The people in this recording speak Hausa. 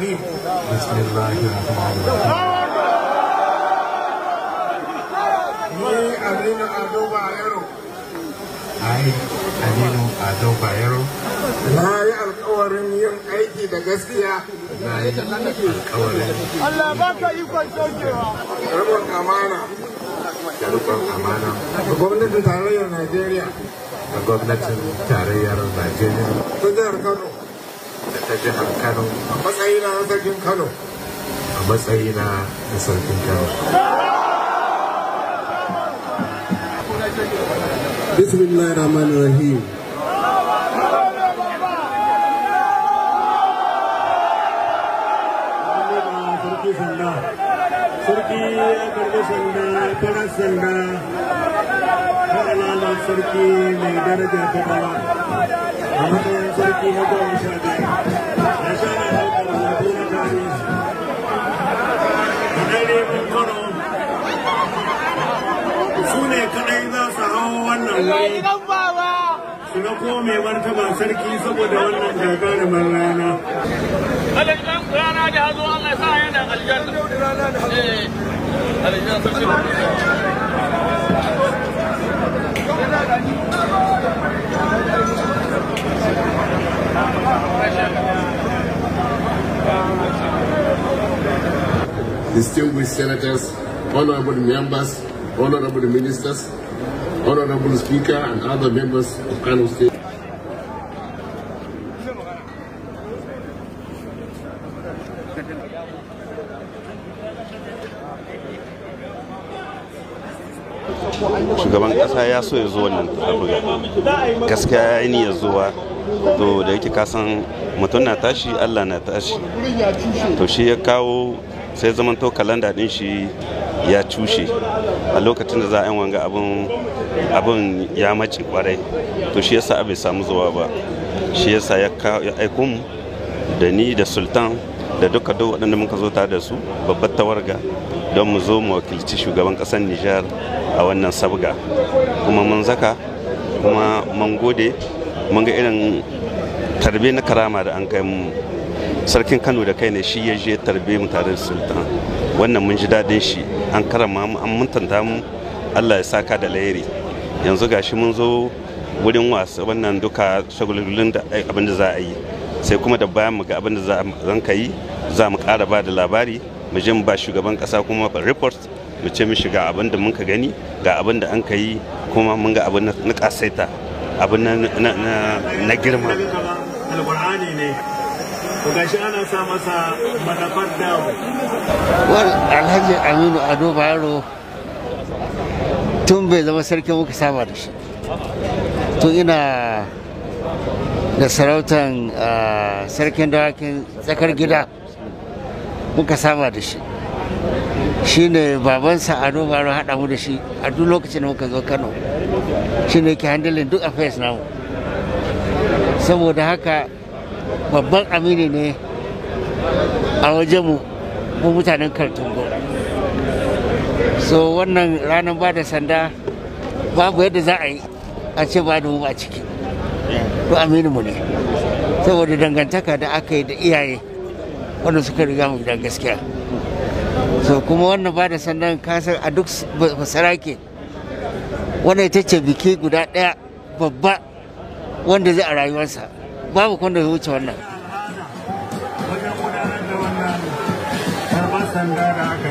الرحيم بسم الله الرحمن الرحيم ni Aminu Ado Bayero ai Aminu Ado Bayero na yi alkawarin yin aiki da gaskiya na yi alkawarin Allah ba ka yi amana da rikon amana da gwamnatin tarayyar Najeriya A gwamnatin tarayyar Najeriya ta jihar jihar kano a matsayina na sarkin kano a matsayina na sarkin kano rahim sarki karbi sanda farar sanda sarki mai daraja ta bawa sarki na goma sha na su ne kadai za su hawo wannan wuri su na kome martaba sarki saboda wannan gagarumin rana da hazo Allah sa yana aljan distinguished senators, honorable members, honorable ministers, honorable speaker, and other members of Kano State. shugaban kasa ya so ya zo wannan abuga gaskiya ya yi ya zuwa to da yake kasan mutum na tashi allah na tashi to shi ya kawo sai zamanto kalanda din shi ya cushe a lokacin da za a yi wanga abin ya mace kwarai to shi yasa bai samu zuwa ba shi yasa ya aiko mu da ni da sultan da duka duk waɗanda muka zo tare da su babbar tawarga don mu zo mu wakilci shugaban ƙasar nijar a wannan sabga kuma mun zaka kuma mun gode mun ga irin tarbe na karama da an kai mu sarkin kano da kai ne shi ya je tarbe mu tare da sultan wannan mun ji daɗin shi an karama mu an muntanta mu allah ya saka da layiri yanzu gashi mun zo wurin wasa wannan duka shagulgulun da eh, abin da za a yi sai kuma da bayan mu ga abin da zan ka yi za mu ƙara ba da labari mu je mu ba shugaban kasa kuma report mu ce mu shiga abin da mun ka gani ga abin da an ka yi kuma mun ga abin na ƙasaita abin na girma to ana sa masa marafar dawo wani alhaji aminu ado bayero tun bai zama sarki muka saba da shi tun ina da sarautan ah, sarkin dawakin tsakar gida muka saba da shi shi ne babansa ado bayero haɗa mu da shi a duk lokacin da muka zo kano shi ne ke handalin duk affairs namu saboda haka babban amini ne a wajenmu mu mutanen kartungo so wannan ranar ba da sanda babu yadda za a yi a ce ba da mu a ciki to aminu mu ne saboda dangantaka da aka yi da iyaye wanda suka riga mu gidan gaskiya so kuma wannan ba da sandan kasar a duk basarake wannan ita ce biki guda ɗaya babba wanda zai a rayuwarsa babu kwanda ya wuce wannan. Wajen gudanar da wannan sanda da aka